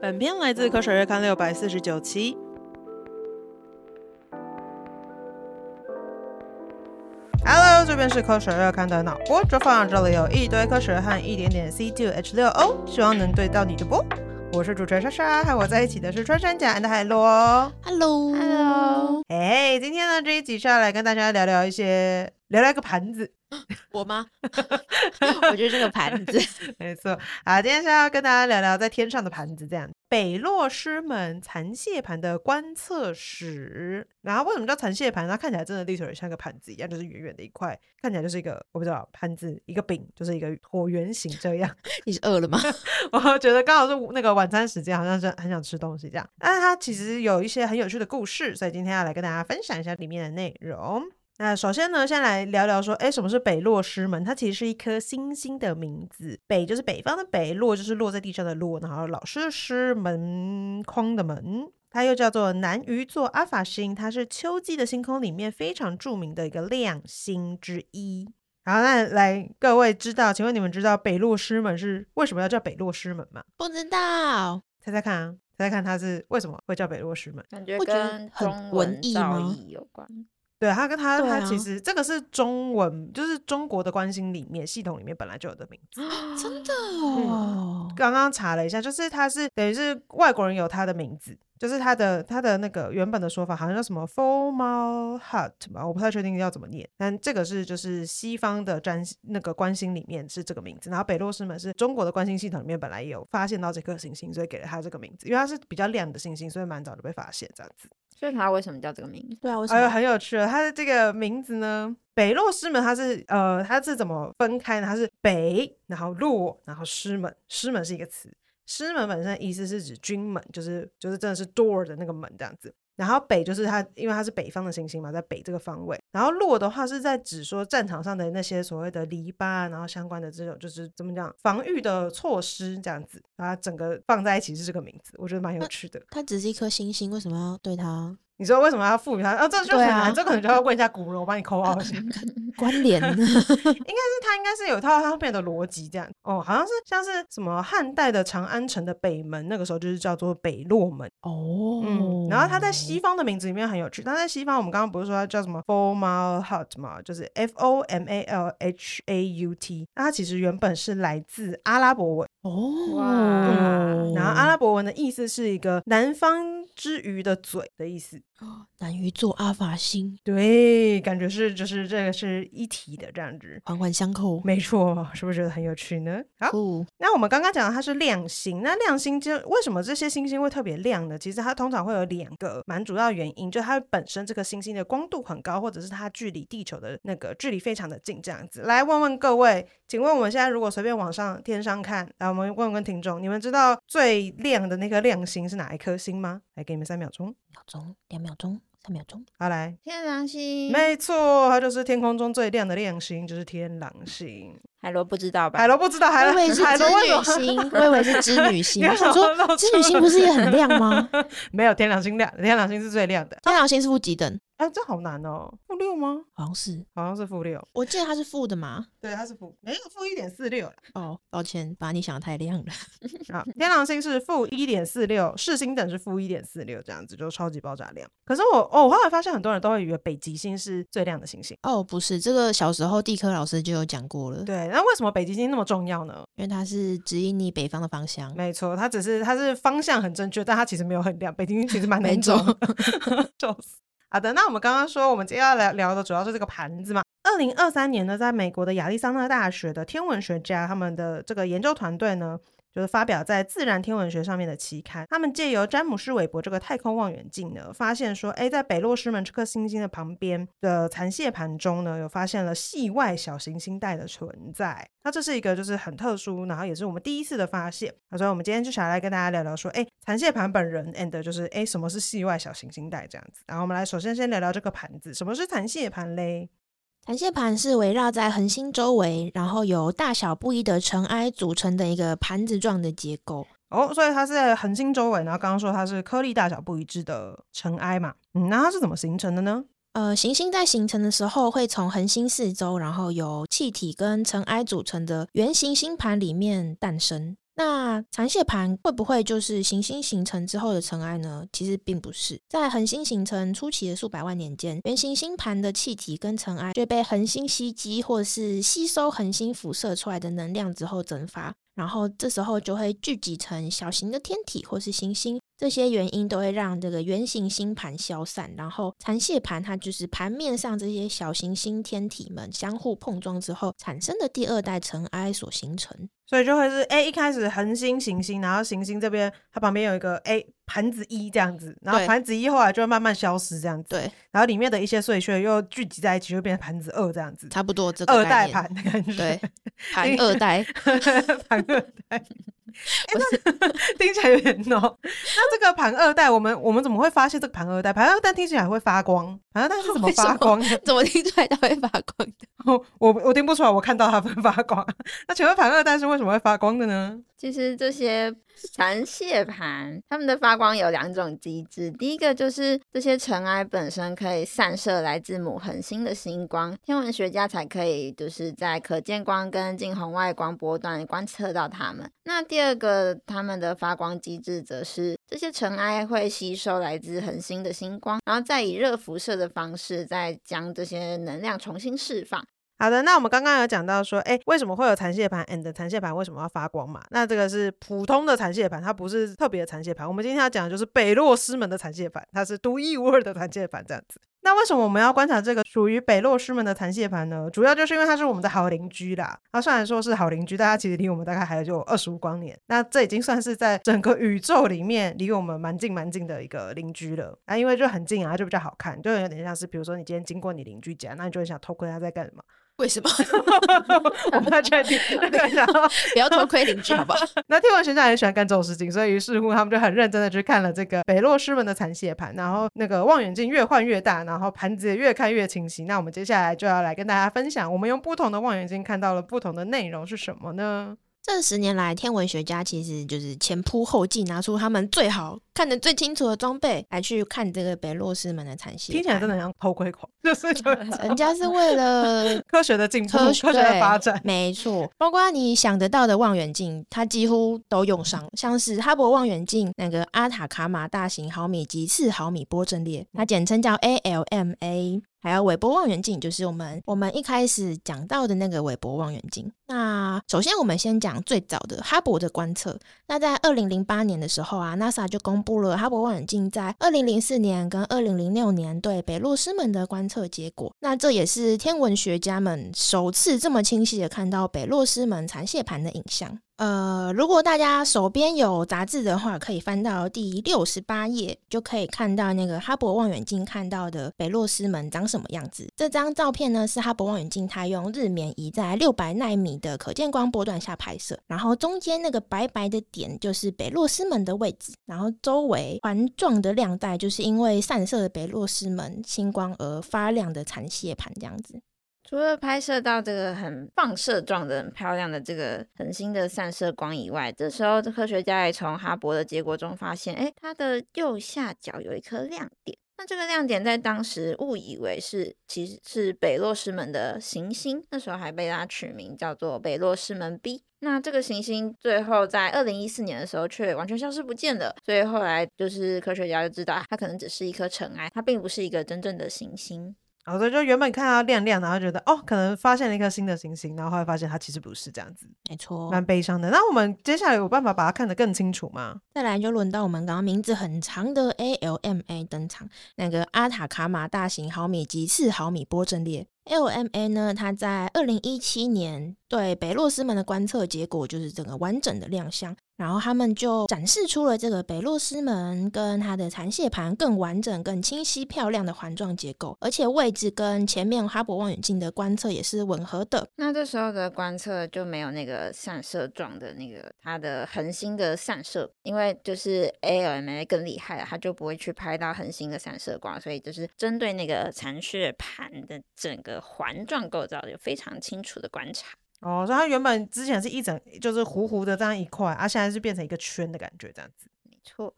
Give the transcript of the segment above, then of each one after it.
本片來自《科學月刊》六百四十九期。哈嘍，這邊是《科學月刊》的腦波酒坊，這裡有一堆科學和一點點 C two H 六 O，希望能對到你的波。我是主持人莎莎，和我在一起的是穿山甲的海螺。哈嘍。Hello 哎，今天呢這一集是要來跟大家聊聊一些，聊聊一個盤子。 我嗎？ 我就是這個盤子 沒錯啊。今天是要跟大家聊聊在天上的盤子，這樣，北落師門殘屑盤的觀測史。然後為什麼叫殘屑盤？它看起來真的地球人像個盤子一樣，就是圓圓的一塊，看起來就是一個我不知道盤子，一個餅，就是一個橢圓形這樣。你是餓了嗎？ 我覺得剛好是那個晚餐時間，好像是很想吃東西這樣。但是它其實有一些很有趣的故事，所以今天要來跟大家分享一下裡面的內容。那首先呢，先來聊聊說，哎、欸，什麼是北落師門？它其實是一顆星星的名字。北就是北方的北，落就是落在地上的落，然後老師的師，門框的門，它又叫做南魚座阿爾法星，它是秋季的星空裡面非常著名的一個亮星之一。好，那來各位知道，請問你們知道北落師門是為什麼要叫北落師門嗎？不知道，猜猜看、啊，猜猜看它是為什麼會叫北落師門？感覺跟很文藝有關。嗯對啊，他跟他他其實，啊，這個是中文，就是中國的關心裡面系統裡面本來就有的名字。啊，真的哦，嗯，剛剛查了一下，就是他是等於是外國人有他的名字。就是他的他的那個原本的說法好像叫什麼 Fomalhaut 吧，我不太確定要怎麼念，但這個是就是西方的占那個觀星裡面是這個名字，然後北落師門是中國的觀星系統裡面本來有發現到這顆行星，所以給了它這個名字，因為它是比較亮的行星，所以蠻早就被發現這樣子。所以它為什麼叫這個名字？對啊，想且、哎、很有趣了，它的這個名字呢，北落師門他，它是呃，它是怎麼分開呢？它是北，然後落，然後師門，師門是一個詞。師門本身的意思是指軍門，就是就是真的是 door 的那個門這樣子。然後北就是它，因為它是北方的星星嘛，在北這個方位。然後落的話是在指說戰場上的那些所謂的籬笆，然後相關的這種就是怎麼講防禦的措施這樣子。把它整個放在一起是這個名字，我覺得蠻有趣的、啊。它只是一顆星星，為什麼要對它？你知道為什麼要賦予它？啊，這就很難，啊、這個可能就要問一下古人，我幫你摳一下。啊 關聯 應該是，它應該是有套它後面的邏輯這樣哦，oh, 好像是像是什麼漢代的長安城的北門，那個時候就是叫做北落門哦。Oh, 嗯，然後它在西方的名字裡面很有趣，但在西方我們剛剛不是說它叫什麼 Fomalhaut 嘛，就是 F O M A L H A U T，它其實原本是來自阿拉伯文哦。Oh, 哇，嗯、然後阿拉伯文的意思是一個南方之魚的嘴的意思哦。南魚座阿法星對，感覺是就是這個是。一體的這樣子，環環相扣，沒錯，是不是覺得很有趣呢？好，那我們剛剛講到它是亮星，那亮星就為什麼這些星星會特別亮呢？其實它通常會有兩個蠻主要原因，就它本身這個星星的光度很高，或者是它距離地球的那個距離非常的近這樣子。來問問各位，請問我們現在如果隨便往上天上看，來我們問問聽眾，你們知道最亮的那顆亮星是哪一顆星嗎？來，給你們三秒鐘，秒鐘，兩秒鐘。秒鐘，好來，天狼星，沒錯，它就是天空中最亮的亮星，就是天狼星。海螺不知道吧？海螺不知道，海螺以為是織女星，海螺以為是織女星。 我想說，織女星不是也很亮嗎？ 沒有天狼星亮，天狼星是最亮的。天狼星是負幾等？哎、欸，這好難哦、喔。負六嗎？好像是，好像是負六。我記得它是負的嗎？對，它是負，沒有負一點四六。哦，抱歉，把你想得太亮了。天狼星是負一點四六，視星等是負一點四六，這樣子就超級爆炸亮。可是我哦，我後來發現很多人都會以為北極星是最亮的星星。哦，不是，這個小時候地科老師就有講過了。對。那為什麼北極星那麼重要呢？因為它是指引你北方的方向。沒錯，它只是，它是方向很正確，但它其實沒有很亮。北極星其實蠻難找，錯笑死，就是。好的，那我們剛剛說，我們今天要聊，聊的主要是這個盤子嘛。二零二三年呢，在美國的亞利桑那大學的天文學家，他們的這個研究團隊呢。就是發表在《自然天文學》上面的期刊，他們借由詹姆斯韋伯這個太空望遠鏡呢，發現說，哎、欸，在北落師門這顆星星的旁邊的殘屑盤中呢，有發現了系外小行星帶的存在。那、啊、這是一個就是很特殊，然後也是我們第一次的發現。啊，所以我們今天就想來跟大家聊聊說，哎、欸，殘屑盤本人，and 就是哎、欸，什麼是系外小行星帶這樣子？然後我們來首先先聊聊這個盤子，什麼是殘屑盤嘞？殘屑盤是圍繞在恆星周圍，然後由大小不一的塵埃組成的一個盤子狀的結構。哦，所以它是在恆星周圍，然後剛剛說它是顆粒大小不一致的塵埃嘛？嗯，那它是怎麼形成的呢？呃，行星在形成的時候，會從恆星四周，然後由氣體跟塵埃組成的原行星盤裡面誕生。那殘屑盤會不會就是行星形成之後的塵埃呢？其實並不是，在恆星形成初期的數百萬年間，原行星盤的氣體跟塵埃就被恆星吸積或是吸收恆星輻射出來的能量之後蒸發，然後這時候就會聚集成小型的天體或是行星，星。這些原因都會讓這個原行星盤消散，然後殘屑盤它就是盤面上這些小行星天體們相互碰撞之後產生的第二代塵埃所形成，所以就會是哎一開始恆星行星，然後行星這邊它旁邊有一個哎盤子一這樣子，然後盤子一後來就會慢慢消失這樣子，對，然後裡面的一些碎屑又聚集在一起，就變成盤子二這樣子，差不多這個概念二代盤的感覺，對盤二代，盤 二代。 哎、欸我是，聽起來有點鬧。 那這個盤二代，我們我們怎麼會發現這個盤二代？盤二代聽起來會發光，盤二代是怎麼發光的？為什麼，怎麼聽出來它會發光的？哦、我我聽不出來，我看到它會發光。 那請問盤二代是為什麼會發光的呢？其實這些殘屑盤，它們的發光有兩種機制。第一個就是這些塵埃本身可以散射來自母恆星的星光，天文學家才可以就是在可見光跟近紅外光波段觀測到它們。那第二個，它們的發光機制則是這些塵埃會吸收來自恆星的星光，然後再以熱輻射的方式再將這些能量重新釋放。好的，那我們剛剛有講到說，哎，為什麼會有殘屑盤？And 殘屑盤為什麼要發光嘛？那這個是普通的殘屑盤，它不是特別的殘屑盤。我們今天要講的就是北落師門的殘屑盤，它是獨一無二的殘屑盤這樣子。那為什麼我們要觀察這個屬於北落師門的殘屑盤呢？主要就是因為它是我們的好鄰居啦。它雖然說是好鄰居，但它其實離我們大概還有就二十五光年。那這已經算是在整個宇宙裡面離我們蠻近蠻近的一個鄰居了啊。因為就很近啊，就比較好看，就有點像是比如說你今天經過你鄰居家，那你就很想偷窺他在幹什麼。為什麼？我不太確定。不要偷窺鄰居，好不好？那天文學家也喜歡幹這種事情，所以於是乎他們就很認真的去看了這個北落師門的殘屑盤。然後那個望遠鏡越換越大，然後盤子越看越清晰。那我們接下來就要來跟大家分享，我們用不同的望遠鏡看到了不同的內容是什麼呢？這十年來，天文學家其實就是前仆後繼，拿出他們最好看的、最清楚的裝備來去看這個北落師門的殘屑盤。聽起來真的很像偷窺狂，就是、就是，人家是為了 科學的進步、科學，科學的發展，沒錯。包括你想得到的望遠鏡，它幾乎都用上，嗯、像是哈伯望遠鏡、那個阿塔卡馬大型毫米及四毫米波陣列，它簡稱叫 ALMA。還有韋伯望遠鏡，就是我們我們一開始講到的那個韋伯望遠鏡。那首先，我們先講最早的哈伯的觀測。那在二零零八年的時候啊，NASA 就公布了哈伯望遠鏡在二零零四年跟二零零六年對北落師門的觀測結果。那這也是天文學家們首次這麼清晰的看到北落師門殘屑盤的影像。呃，如果大家手邊有雜誌的話，可以翻到第六十八頁，就可以看到那個哈伯望遠鏡看到的北落師門長什麼樣子。這張照片呢，是哈伯望遠鏡它用日冕儀在六百奈米的可見光波段下拍攝，然後中間那個白白的點就是北落師門的位置，然後周圍環狀的亮帶，就是因為散射的北落師門星光而發亮的殘屑盤這樣子。除了拍攝到這個很放射狀的、很漂亮的這個恆星的散射光以外，這時候科學家也從哈伯的結果中發現，哎，它的右下角有一顆亮點。那這個亮點在當時誤以為是其實是北落師門的行星，那時候還被它取名叫做北落師門 B。那這個行星最後在二零一四年的時候卻完全消失不見了。所以後來就是科學家就知道它可能只是一顆塵埃，它並不是一個真正的行星。然後就原本看到亮亮，然後覺得哦，可能發現了一顆新的行星，然後後來發現它其實不是這樣子，沒錯錯，蠻悲傷的。那我們接下來有辦法把它看得更清楚嗎？再來就輪到我們剛剛名字很長的 ALMA 登場，那個阿塔卡瑪大型毫米及次毫米波陣列。ALMA 呢，它在二零一七年。對北落師門的觀測結果就是整個完整的亮相，然後他們就展示出了這個北落師門跟它的殘屑盤更完整、更清晰、漂亮的環狀結構，而且位置跟前面哈伯望遠鏡的觀測也是吻合的。那這時候的觀測就沒有那個散射狀的那個它的恆星的散射，因為就是 ALMA 更厲害了，它就不會去拍到恆星的散射光，所以就是針對那個殘屑盤的整個環狀構造有非常清楚的觀察。哦，所以它原本之前是一整，就是糊糊的這樣一塊，而、啊、現在是變成一個圈的感覺，這樣子。沒錯，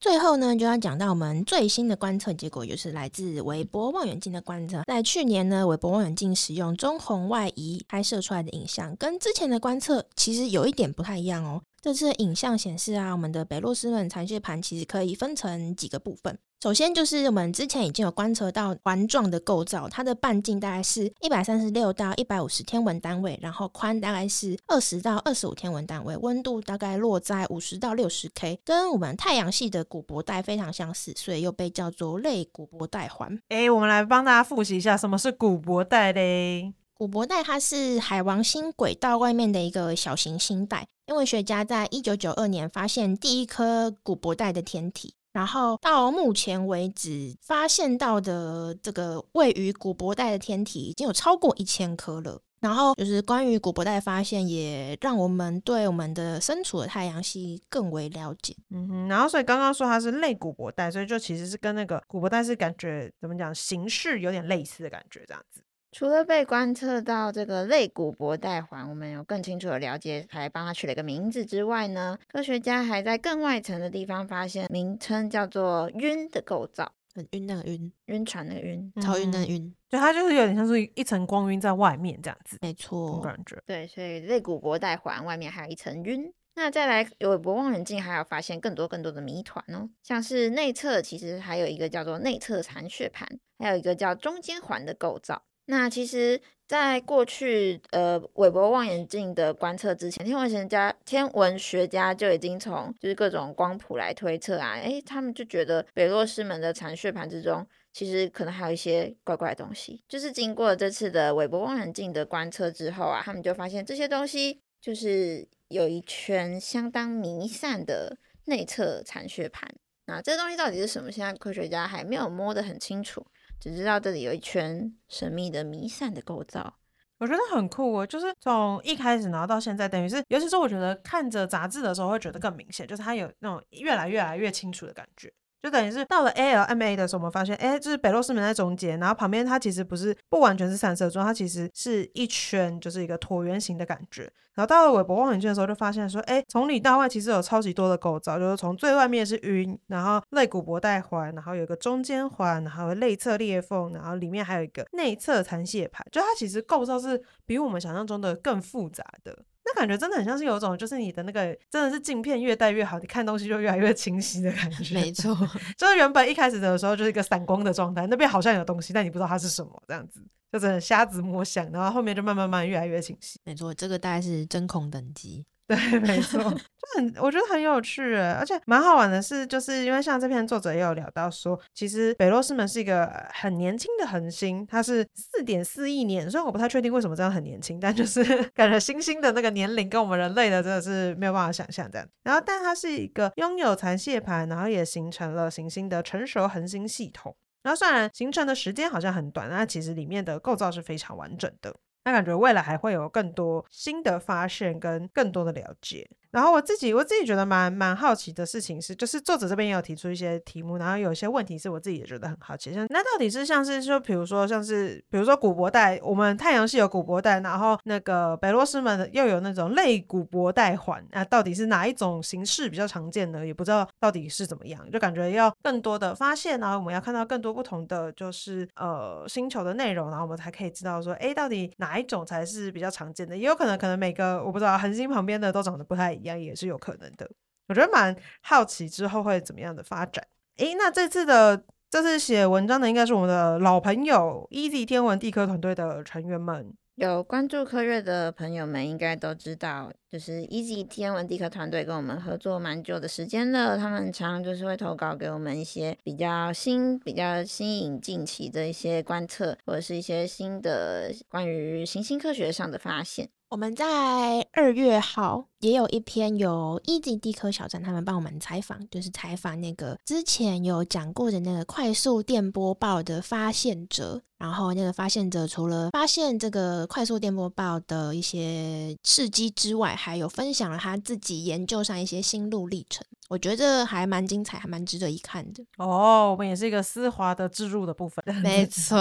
最後呢，就要講到我們最新的觀測結果，就是來自韋伯望遠鏡的觀測。在去年呢，韋伯望遠鏡使用中紅外儀拍攝出來的影像，跟之前的觀測其實有一點不太一樣哦。這次的影像顯示啊，我們的北落師門殘屑盤其實可以分成幾個部分。首先就是我們之前已經有觀測到環狀的構造，它的半徑大概是一百三十六到一百五十天文單位，然後寬大概是二十到二十五天文單位，溫度大概落在五十到六十 K，跟我們太陽系的古柏帶非常相似，所以又被叫做類古柏帶環。哎，我們來幫大家複習一下什麼是古柏帶嘞。古柏帶它是海王星軌道外面的一個小行星帶，天文學家在一九九二年發現第一顆古柏帶的天體，然後到目前為止發現到的這個位於古柏帶的天體已經有超過一千顆了。然後就是關於古柏帶發現，也讓我們對我們的身處的太陽系更為了解。嗯哼，然後所以剛剛說它是類古柏帶，所以就其實是跟那個古柏帶是感覺怎麼講形式有點類似的感覺這樣子。除了被觀測到這個類古柏帶環，我們有更清楚的了解，還幫它取了一個名字之外呢，科學家還在更外層的地方發現名稱叫做暈的構造，很暈那個暈，暈船那個暈，嗯、超暈那個暈，對，它就是有點像是一層光暈在外面這樣子，沒錯錯，我感覺對，所以類古柏帶環外面還有一層暈，那再來有韋伯望遠鏡，還有發現更多更多的謎團哦，像是內側其實還有一個叫做內側殘屑盤，還有一個叫中間環的構造。那其實，在過去，呃，韋伯望遠鏡的觀測之前，天文學家、天文學家就已經從就是各種光譜來推測啊，誒，他們就覺得北落師門的殘屑盤之中，其實可能還有一些怪怪的東西。就是經過這次的韋伯望遠鏡的觀測之後啊，他們就發現這些東西就是有一圈相當彌散的內側殘屑盤。那這東西到底是什麼？現在科學家還沒有摸得很清楚。只知道這裡有一圈神秘的彌散的構造，我覺得很酷哦。就是從一開始，然後到現在，等於是，尤其是我覺得看着雜誌的時候，會覺得更明顯，就是它有那種越來越來越清楚的感覺。就等於是到了 ALMA 的時候，我們發現，哎、欸，就是北落師門在中間，然後旁邊它其實不是不完全是散射狀，它其實是一圈，就是一個橢圓形的感覺。然後到了韋伯望遠鏡的時候，就發現說，哎、欸，從裡到外其實有超級多的構造，就是從最外面是暈，然後類古柏帶環，然後有一個中間環，然後內側裂縫，然後裡面還有一個內側殘屑盤，就它其實構造是比我們想象中的更複雜的。那感覺真的很像是有一種，就是你的那個真的是鏡片越戴越好，你看東西就越來越清晰的感覺。沒錯錯， 就是原本一開始的時候就是一個散光的狀態，那邊好像有東西，但你不知道它是什麼，這樣子就真的瞎子摸象，然後後面就慢慢慢越來越清晰。沒錯，這個大概是針孔等級。對，沒錯，就很，我覺得很有趣誒，而且蠻好玩的是，就是因為像這篇作者也有聊到說，其實北落師門是一個很年輕的恆星，它是四點四億年。雖然我不太確定為什麼這樣很年輕，但就是感覺星星的那個年齡跟我們人類的真的是沒有辦法想象這樣。然後，但它是一個擁有殘屑盤，然後也形成了行星的成熟恆星系統。然後雖然形成的時間好像很短，但其實裡面的構造是非常完整的。那感覺未來還會有更多新的發現跟更多的了解。然後我自己我自己覺得蠻蠻好奇的事情是，就是作者這邊也有提出一些題目，然後有一些問題是我自己也覺得很好奇，像那到底是像是就說，比如說像是比如說古柏帶，我們太陽系有古柏帶，然後那個北落師門又有那種類古柏帶環，那到底是哪一種形式比較常見呢？也不知道到底是怎麼樣，就感覺要更多的發現，然後我們要看到更多不同的就是呃星球的內容，然後我們才可以知道說，哎、欸，到底哪？哪一種才是比較常見的？也有可能，可能每個我不知道恆星旁邊的都長得不太一樣，也是有可能的。我覺得蠻好奇之後會怎麼樣的發展。誒，那這次的這次寫文章的應該是我們的老朋友 EASY 天文地科團隊的成員們。有關注科月的朋友們應該都知道，就是 EASY 天文地科團隊跟我們合作蠻久的時間了。他們常常就是會投稿給我們一些比較新、比較新穎、近期的一些觀測，或者是一些新的關於行星科學上的發現。我們在二月號。也有一篇由 EASY 地科小站他們幫我們採訪，就是採訪那個之前有講過的那個快速電波爆的發現者。然後那個發現者除了發現這個快速電波爆的一些事跡之外，還有分享了他自己研究上一些心路歷程。我覺得還蠻精彩，還蠻值得一看的。哦，我們也是一個絲滑的置入的部分。沒錯，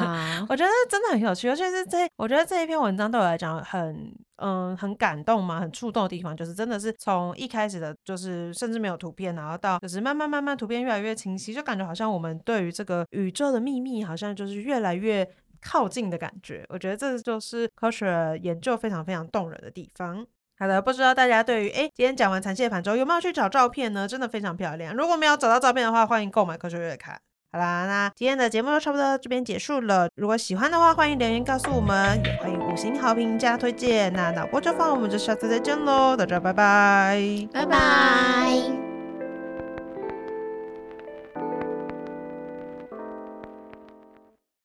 我覺得真的很有趣，尤其是這，我覺得這一篇文章對我來講很。嗯，很感動嘛，很觸動的地方就是，真的是從一開始的，就是甚至沒有圖片，然後到就是慢慢慢慢圖片越來越清晰，就感覺好像我們對於這個宇宙的祕密，好像就是越來越靠近的感覺。我覺得這就是科學研究非常非常動人的地方。好的，不知道大家對於哎、欸、今天講完殘屑盤之後有沒有去找照片呢？真的非常漂亮。如果沒有找到照片的話，歡迎購買科學月刊。好啦，那今天的節目就差不多到這邊結束了。如果喜歡的話，歡迎留言告訴我們，也歡迎五星好評加推薦。那腦波酒坊我們，就下次再見嘍，大家拜拜，拜拜。拜拜。